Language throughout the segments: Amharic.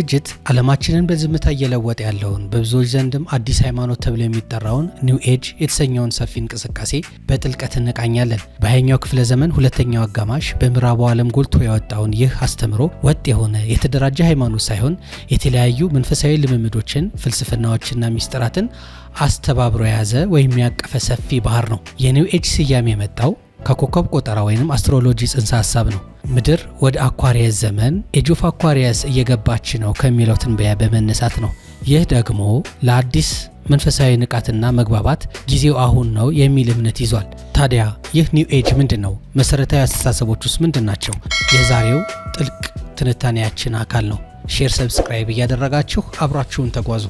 ዝግጅት ዓለማችንን በዝምታ እየለወጠ ያለውን በብዙዎች ዘንድም አዲስ ሃይማኖት ተብሎ የሚጠራውን ኒው ኤጅ የተሰኘውን ሰፊ እንቅስቃሴ በጥልቀት እንቃኛለን። በሃያኛው ክፍለ ዘመን ሁለተኛው አጋማሽ በምዕራቡ ዓለም ጎልቶ ያወጣውን ይህ አስተምሮ ወጥ የሆነ የተደራጀ ሃይማኖት ሳይሆን የተለያዩ መንፈሳዊ ልምምዶችን፣ ፍልስፍናዎችና ሚስጥራትን አስተባብሮ የያዘ ወይም ያቀፈ ሰፊ ባህር ነው። የኒው ኤጅ ስያሜ የመጣው ከኮከብ ቆጠራ ወይም አስትሮሎጂ ጽንሰ ሀሳብ ነው። ምድር ወደ አኳሪየስ ዘመን ኤጅ ኦፍ አኳሪየስ እየገባች ነው ከሚለው ትንበያ በመነሳት ነው። ይህ ደግሞ ለአዲስ መንፈሳዊ ንቃትና መግባባት ጊዜው አሁን ነው የሚል እምነት ይዟል። ታዲያ ይህ ኒው ኤጅ ምንድን ነው? መሰረታዊ አስተሳሰቦች ውስጥ ምንድን ናቸው? የዛሬው ጥልቅ ትንታኔያችን አካል ነው። ሼር፣ ሰብስክራይብ እያደረጋችሁ አብራችሁን ተጓዙ።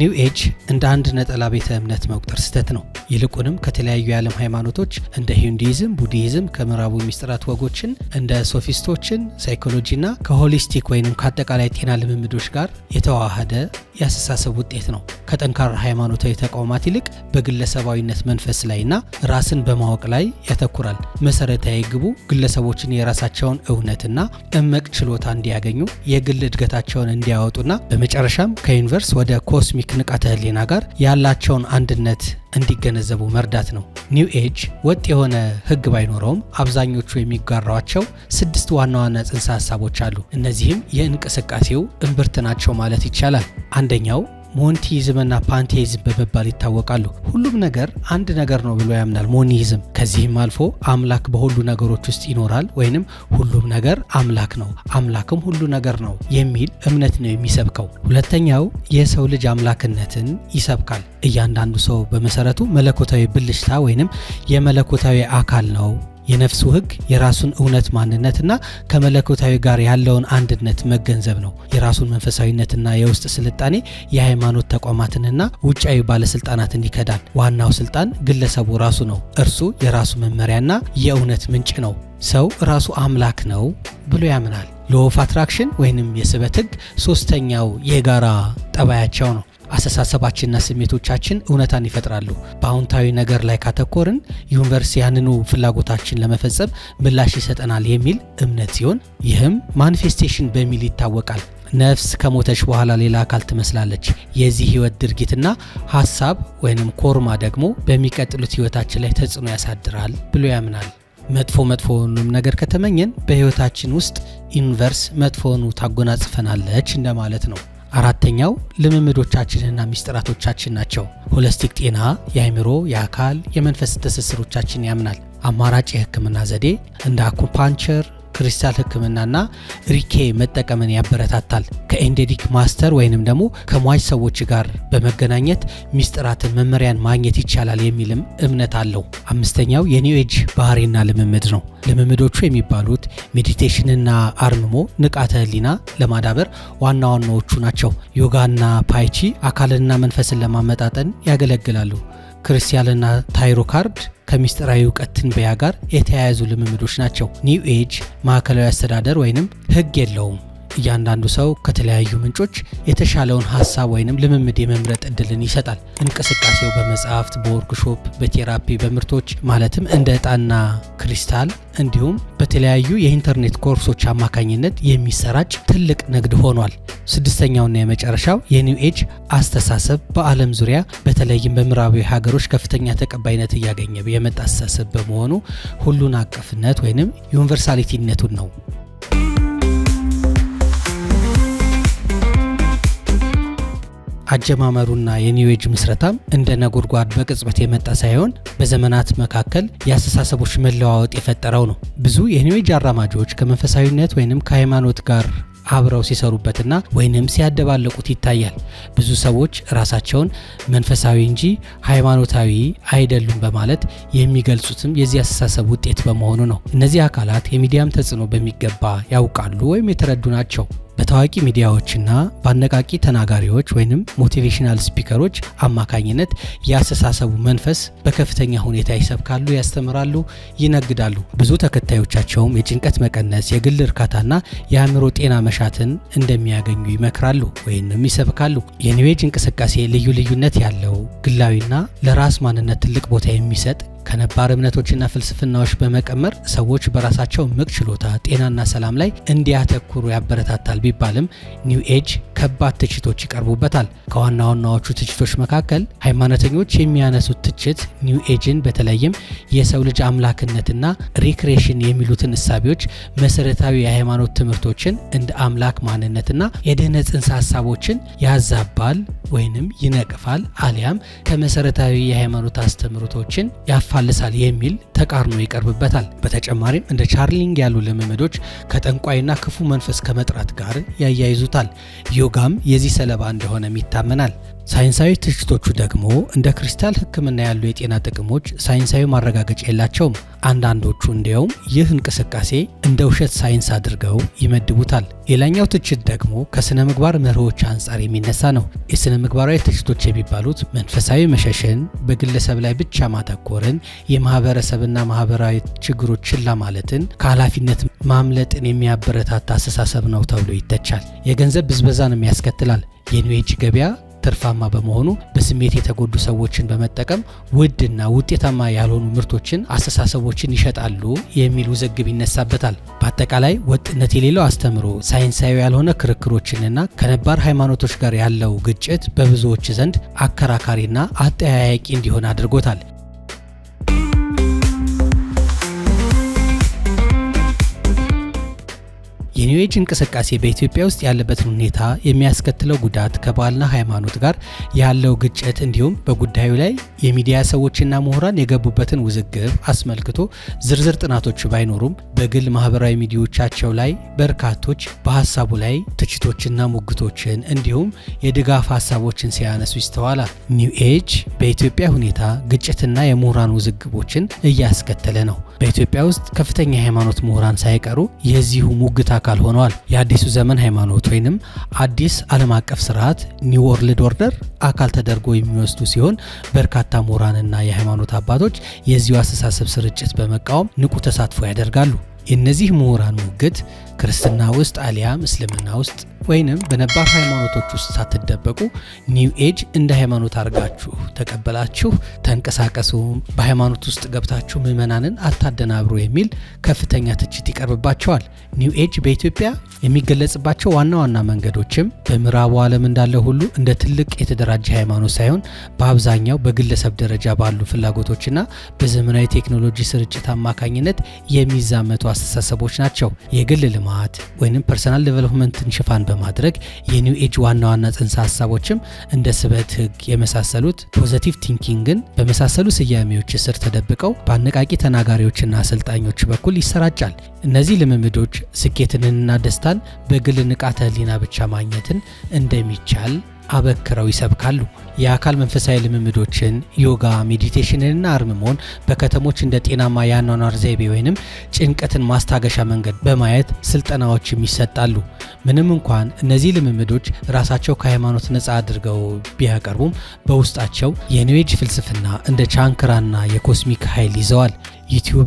ኒው ኤጅ እንደ አንድ ነጠላ ቤተ እምነት መቁጠር ስህተት ነው። ይልቁንም ከተለያዩ የዓለም ሃይማኖቶች እንደ ሂንዱይዝም፣ ቡዲዝም ከምዕራቡ ሚስጥራት ወጎችን እንደ ሶፊስቶችን ሳይኮሎጂና ከሆሊስቲክ ወይም ከአጠቃላይ ጤና ልምምዶች ጋር የተዋሃደ የአስተሳሰብ ውጤት ነው። ከጠንካራ ሃይማኖታዊ ተቋማት ይልቅ በግለሰባዊነት መንፈስ ላይና ራስን በማወቅ ላይ ያተኩራል። መሰረታዊ ግቡ ግለሰቦችን የራሳቸውን እውነትና እመቅ ችሎታ እንዲያገኙ የግል እድገታቸውን እንዲያወጡና በመጨረሻም ከዩኒቨርስ ወደ ኮስሚክ ንቃተ ህሊና ጋር ያላቸውን አንድነት እንዲገነዘቡ መርዳት ነው። ኒው ኤጅ ወጥ የሆነ ህግ ባይኖረውም አብዛኞቹ የሚጋሯቸው ስድስት ዋና ዋና ጽንሰ ሀሳቦች አሉ። እነዚህም የእንቅስቃሴው እምብርት ናቸው ማለት ይቻላል። አንደኛው እና ፓንቴዝም በመባል ይታወቃሉ። ሁሉም ነገር አንድ ነገር ነው ብሎ ያምናል ሞኒዝም። ከዚህም አልፎ አምላክ በሁሉ ነገሮች ውስጥ ይኖራል ወይንም ሁሉም ነገር አምላክ ነው፣ አምላክም ሁሉ ነገር ነው የሚል እምነት ነው የሚሰብከው። ሁለተኛው የሰው ልጅ አምላክነትን ይሰብካል። እያንዳንዱ ሰው በመሰረቱ መለኮታዊ ብልሽታ ወይንም የመለኮታዊ አካል ነው የነፍሱ ህግ የራሱን እውነት ማንነትና ከመለኮታዊ ጋር ያለውን አንድነት መገንዘብ ነው። የራሱን መንፈሳዊነትና የውስጥ ስልጣኔ የሃይማኖት ተቋማትንና ውጫዊ ባለስልጣናትን ይከዳል። ዋናው ስልጣን ግለሰቡ ራሱ ነው። እርሱ የራሱ መመሪያና የእውነት ምንጭ ነው። ሰው ራሱ አምላክ ነው ብሎ ያምናል። ሎው ኦፍ አትራክሽን ወይንም የስበት ህግ ሶስተኛው የጋራ ጠባያቸው ነው። አስተሳሰባችንና ስሜቶቻችን እውነታን ይፈጥራሉ። በአዎንታዊ ነገር ላይ ካተኮርን ዩኒቨርስ ያንኑ ፍላጎታችን ለመፈጸም ምላሽ ይሰጠናል የሚል እምነት ሲሆን ይህም ማኒፌስቴሽን በሚል ይታወቃል። ነፍስ ከሞተች በኋላ ሌላ አካል ትመስላለች። የዚህ ህይወት ድርጊትና ሀሳብ ወይንም ኮርማ ደግሞ በሚቀጥሉት ህይወታችን ላይ ተጽዕኖ ያሳድራል ብሎ ያምናል። መጥፎ መጥፎውንም ነገር ከተመኘን በህይወታችን ውስጥ ዩኒቨርስ መጥፎውኑ ታጎናጽፈናለች እንደማለት ነው። አራተኛው ልምምዶቻችንና ሚስጥራቶቻችን ናቸው። ሆለስቲክ ጤና የአእምሮ፣ የአካል፣ የመንፈስ ትስስሮቻችን ያምናል። አማራጭ የህክምና ዘዴ እንደ አኩፓንቸር ክሪስታል ህክምናና ሪኬ መጠቀምን ያበረታታል። ከኤንዴዲክ ማስተር ወይንም ደግሞ ከሟች ሰዎች ጋር በመገናኘት ሚስጥራትን፣ መመሪያን ማግኘት ይቻላል የሚልም እምነት አለው። አምስተኛው የኒው ኤጅ ባህሪና ልምምድ ነው። ልምምዶቹ የሚባሉት ሜዲቴሽንና አርምሞ፣ ንቃተ ህሊና ለማዳበር ዋና ዋናዎቹ ናቸው። ዮጋና ፓይቺ አካልንና መንፈስን ለማመጣጠን ያገለግላሉ። ክርስቲያልና ታይሮ ካርድ ከምስጢራዊ እውቀት ትንበያ ጋር የተያያዙ ልምምዶች ናቸው። ኒው ኤጅ ማዕከላዊ አስተዳደር ወይንም ህግ የለውም። እያንዳንዱ ሰው ከተለያዩ ምንጮች የተሻለውን ሀሳብ ወይንም ልምምድ የመምረጥ እድልን ይሰጣል። እንቅስቃሴው በመጽሐፍት፣ በወርክሾፕ፣ በቴራፒ፣ በምርቶች ማለትም እንደ ጣና ክሪስታል እንዲሁም በተለያዩ የኢንተርኔት ኮርሶች አማካኝነት የሚሰራጭ ትልቅ ንግድ ሆኗል። ስድስተኛውና የመጨረሻው የኒው ኤጅ አስተሳሰብ በዓለም ዙሪያ በተለይም በምዕራባዊ ሀገሮች ከፍተኛ ተቀባይነት እያገኘ የመጣ አስተሳሰብ በመሆኑ ሁሉን አቀፍነት ወይንም ዩኒቨርሳሊቲነቱን ነው። አጀማመሩና የኒውኤጅ ምስረታም እንደ ነጎድጓድ በቅጽበት የመጣ ሳይሆን በዘመናት መካከል የአስተሳሰቦች መለዋወጥ የፈጠረው ነው። ብዙ የኒውኤጅ አራማጆች ከመንፈሳዊነት ወይንም ከሃይማኖት ጋር አብረው ሲሰሩበትና ወይንም ሲያደባለቁት ይታያል። ብዙ ሰዎች ራሳቸውን መንፈሳዊ እንጂ ሃይማኖታዊ አይደሉም በማለት የሚገልጹትም የዚህ አስተሳሰብ ውጤት በመሆኑ ነው። እነዚህ አካላት የሚዲያም ተጽዕኖ በሚገባ ያውቃሉ ወይም የተረዱ ናቸው። በታዋቂ ሚዲያዎችና በአነቃቂ ተናጋሪዎች ወይም ሞቲቬሽናል ስፒከሮች አማካኝነት የአስተሳሰቡ መንፈስ በከፍተኛ ሁኔታ ይሰብካሉ፣ ያስተምራሉ፣ ይነግዳሉ። ብዙ ተከታዮቻቸውም የጭንቀት መቀነስ፣ የግል እርካታና የአእምሮ ጤና መሻትን እንደሚያገኙ ይመክራሉ ወይንም ይሰብካሉ። የኒዌጅ እንቅስቃሴ ልዩ ልዩነት ያለው ግላዊና ለራስ ማንነት ትልቅ ቦታ የሚሰጥ ከነባር እምነቶችና ፍልስፍናዎች በመቀመር ሰዎች በራሳቸው ምቅ ችሎታ፣ ጤናና ሰላም ላይ እንዲያተኩሩ ያበረታታል ቢባልም ኒው ኤጅ ከባድ ትችቶች ይቀርቡበታል። ከዋና ዋናዎቹ ትችቶች መካከል ሃይማኖተኞች የሚያነሱት ትችት ኒው ኤጅን በተለይም የሰው ልጅ አምላክነትና ሪክሬሽን የሚሉትን እሳቤዎች መሰረታዊ የሃይማኖት ትምህርቶችን እንደ አምላክ ማንነትና የድህነት ጽንሰ ሀሳቦችን ያዛባል ወይንም ይነቅፋል አሊያም ከመሰረታዊ የሃይማኖት አስተምህሮቶችን ያፋ ይፋልሳል የሚል ተቃርኖ ይቀርብበታል። በተጨማሪም እንደ ቻርሊንግ ያሉ ልምምዶች ከጠንቋይና ክፉ መንፈስ ከመጥራት ጋር ያያይዙታል። ዮጋም የዚህ ሰለባ እንደሆነም ይታመናል። ሳይንሳዊ ትችቶቹ ደግሞ እንደ ክሪስታል ሕክምና ያሉ የጤና ጥቅሞች ሳይንሳዊ ማረጋገጫ የላቸውም። አንዳንዶቹ እንዲያውም ይህ እንቅስቃሴ እንደ ውሸት ሳይንስ አድርገው ይመድቡታል። ሌላኛው ትችት ደግሞ ከስነ ምግባር መርሆች አንጻር የሚነሳ ነው። የስነ ምግባራዊ ትችቶች የሚባሉት መንፈሳዊ መሸሽን፣ በግለሰብ ላይ ብቻ ማተኮርን፣ የማህበረሰብ ማህበረሰብና ማህበራዊ ችግሮች ችላ ማለትን ከኃላፊነት ማምለጥን የሚያበረታታ አስተሳሰብ ነው ተብሎ ይተቻል። የገንዘብ ብዝበዛን ያስከትላል። የኒዌጅ ገበያ ትርፋማ በመሆኑ በስሜት የተጎዱ ሰዎችን በመጠቀም ውድና ውጤታማ ያልሆኑ ምርቶችን፣ አስተሳሰቦችን ይሸጣሉ የሚል ውዝግብ ይነሳበታል። በአጠቃላይ ወጥነት የሌለው አስተምሮ፣ ሳይንሳዊ ያልሆነ ክርክሮችንና ከነባር ሃይማኖቶች ጋር ያለው ግጭት በብዙዎች ዘንድ አከራካሪና አጠያያቂ እንዲሆን አድርጎታል። የኒውኤጅ ኤጅ እንቅስቃሴ በኢትዮጵያ ውስጥ ያለበትን ሁኔታ፣ የሚያስከትለው ጉዳት፣ ከባህልና ሃይማኖት ጋር ያለው ግጭት እንዲሁም በጉዳዩ ላይ የሚዲያ ሰዎችና ምሁራን የገቡበትን ውዝግብ አስመልክቶ ዝርዝር ጥናቶች ባይኖሩም በግል ማህበራዊ ሚዲያዎቻቸው ላይ በርካቶች በሀሳቡ ላይ ትችቶችና ሙግቶችን እንዲሁም የድጋፍ ሀሳቦችን ሲያነሱ ይስተዋላል። ኒው ኤጅ በኢትዮጵያ ሁኔታ ግጭትና የምሁራን ውዝግቦችን እያስከተለ ነው። በኢትዮጵያ ውስጥ ከፍተኛ የሃይማኖት ምሁራን ሳይቀሩ የዚሁ ሙግት አካል ሆነዋል። የአዲሱ ዘመን ሃይማኖት ወይንም አዲስ ዓለም አቀፍ ስርዓት ኒው ወርልድ ኦርደር አካል ተደርጎ የሚወስዱ ሲሆን በርካታ ምሁራንና የሃይማኖት አባቶች የዚሁ አስተሳሰብ ስርጭት በመቃወም ንቁ ተሳትፎ ያደርጋሉ። የእነዚህ ምሁራን ሙግት ክርስትና ውስጥ አሊያም እስልምና ውስጥ ወይንም በነባር ሃይማኖቶች ውስጥ ሳትደበቁ ኒው ኤጅ እንደ ሃይማኖት አድርጋችሁ ተቀበላችሁ ተንቀሳቀሱ፣ በሃይማኖት ውስጥ ገብታችሁ ምዕመናንን አታደናብሩ የሚል ከፍተኛ ትችት ይቀርብባቸዋል። ኒው ኤጅ በኢትዮጵያ የሚገለጽባቸው ዋና ዋና መንገዶችም በምዕራቡ ዓለም እንዳለ ሁሉ እንደ ትልቅ የተደራጀ ሃይማኖት ሳይሆን በአብዛኛው በግለሰብ ደረጃ ባሉ ፍላጎቶችና በዘመናዊ ቴክኖሎጂ ስርጭት አማካኝነት የሚዛመቱ አስተሳሰቦች ናቸው። የግል ልማ ማልማት ወይም ፐርሰናል ዴቨሎፕመንትን ሽፋን በማድረግ የኒው ኤጅ ዋና ዋና ጽንሰ ሀሳቦችም እንደ ስበት ህግ የመሳሰሉት ፖዘቲቭ ቲንኪንግን በመሳሰሉ ስያሜዎች ስር ተደብቀው በአነቃቂ ተናጋሪዎችና አሰልጣኞች በኩል ይሰራጫል። እነዚህ ልምምዶች ስኬትንና ደስታን በግል ንቃተ ህሊና ብቻ ማግኘትን እንደሚቻል አበክረው ይሰብካሉ። የአካል መንፈሳዊ ልምምዶችን ዮጋ፣ ሜዲቴሽንንና አርምሞን በከተሞች እንደ ጤናማ የአኗኗር ዘይቤ ወይንም ጭንቀትን ማስታገሻ መንገድ በማየት ስልጠናዎችም ይሰጣሉ። ምንም እንኳን እነዚህ ልምምዶች ራሳቸው ከሃይማኖት ነፃ አድርገው ቢያቀርቡም በውስጣቸው የኒዌጅ ፍልስፍና እንደ ቻንክራና የኮስሚክ ኃይል ይዘዋል።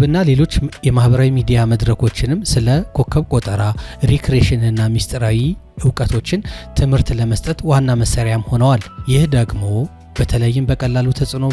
እና ሌሎች የማህበራዊ ሚዲያ መድረኮችንም ስለ ኮከብ ቆጠራ፣ ሪክሬሽንና ሚስጥራዊ እውቀቶችን ትምህርት ለመስጠት ዋና መሳሪያም ሆነዋል። ይህ ደግሞ በተለይም በቀላሉ ተጽዕኖ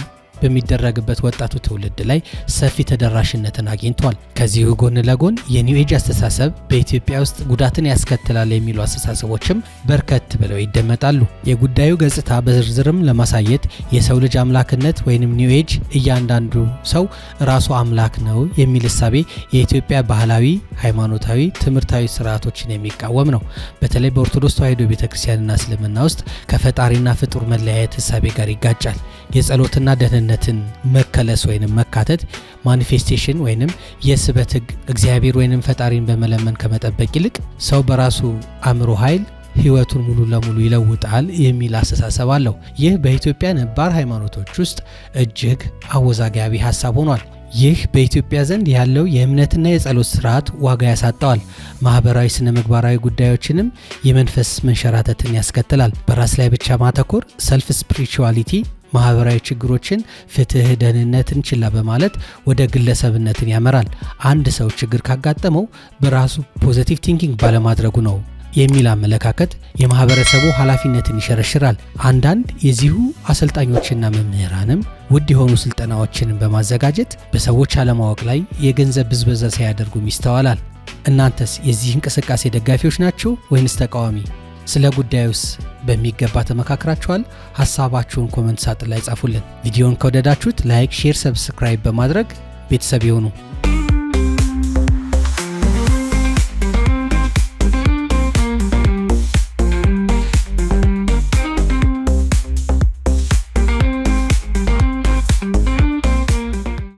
በሚደረግበት ወጣቱ ትውልድ ላይ ሰፊ ተደራሽነትን አግኝቷል። ከዚሁ ጎን ለጎን የኒው ኤጅ አስተሳሰብ በኢትዮጵያ ውስጥ ጉዳትን ያስከትላል የሚሉ አስተሳሰቦችም በርከት ብለው ይደመጣሉ። የጉዳዩ ገጽታ በዝርዝርም ለማሳየት የሰው ልጅ አምላክነት ወይንም ኒው ኤጅ እያንዳንዱ ሰው ራሱ አምላክ ነው የሚል እሳቤ የኢትዮጵያ ባህላዊ፣ ሃይማኖታዊ፣ ትምህርታዊ ስርዓቶችን የሚቃወም ነው። በተለይ በኦርቶዶክስ ተዋሕዶ ቤተክርስቲያንና እስልምና ውስጥ ከፈጣሪና ፍጡር መለያየት እሳቤ ጋር ይጋጫል። የጸሎትና ደህንነት ማንነትን መከለስ ወይንም መካተት ማኒፌስቴሽን ወይንም የስበት ህግ እግዚአብሔር ወይንም ፈጣሪን በመለመን ከመጠበቅ ይልቅ ሰው በራሱ አእምሮ ኃይል ህይወቱን ሙሉ ለሙሉ ይለውጣል የሚል አስተሳሰብ አለው። ይህ በኢትዮጵያ ነባር ሃይማኖቶች ውስጥ እጅግ አወዛጋቢ ሀሳብ ሆኗል። ይህ በኢትዮጵያ ዘንድ ያለው የእምነትና የጸሎት ስርዓት ዋጋ ያሳጣዋል። ማህበራዊ፣ ስነ ምግባራዊ ጉዳዮችንም የመንፈስ መንሸራተትን ያስከትላል። በራስ ላይ ብቻ ማተኮር ሰልፍ ስፕሪቹዋሊቲ ማህበራዊ ችግሮችን፣ ፍትህ፣ ደህንነትን ችላ በማለት ወደ ግለሰብነትን ያመራል። አንድ ሰው ችግር ካጋጠመው በራሱ ፖዘቲቭ ቲንኪንግ ባለማድረጉ ነው የሚል አመለካከት የማህበረሰቡ ኃላፊነትን ይሸረሽራል። አንዳንድ የዚሁ አሰልጣኞችና መምህራንም ውድ የሆኑ ስልጠናዎችን በማዘጋጀት በሰዎች አለማወቅ ላይ የገንዘብ ብዝበዛ ሲያደርጉም ይስተዋላል። እናንተስ የዚህ እንቅስቃሴ ደጋፊዎች ናችሁ ወይንስ ተቃዋሚ? ስለ ጉዳዩስ በሚገባ ተመካክራችኋል? ሐሳባችሁን ኮመንት ሳጥን ላይ ጻፉልን። ቪዲዮን ከወደዳችሁት ላይክ፣ ሼር፣ ሰብስክራይብ በማድረግ ቤተሰብ ይሁኑ።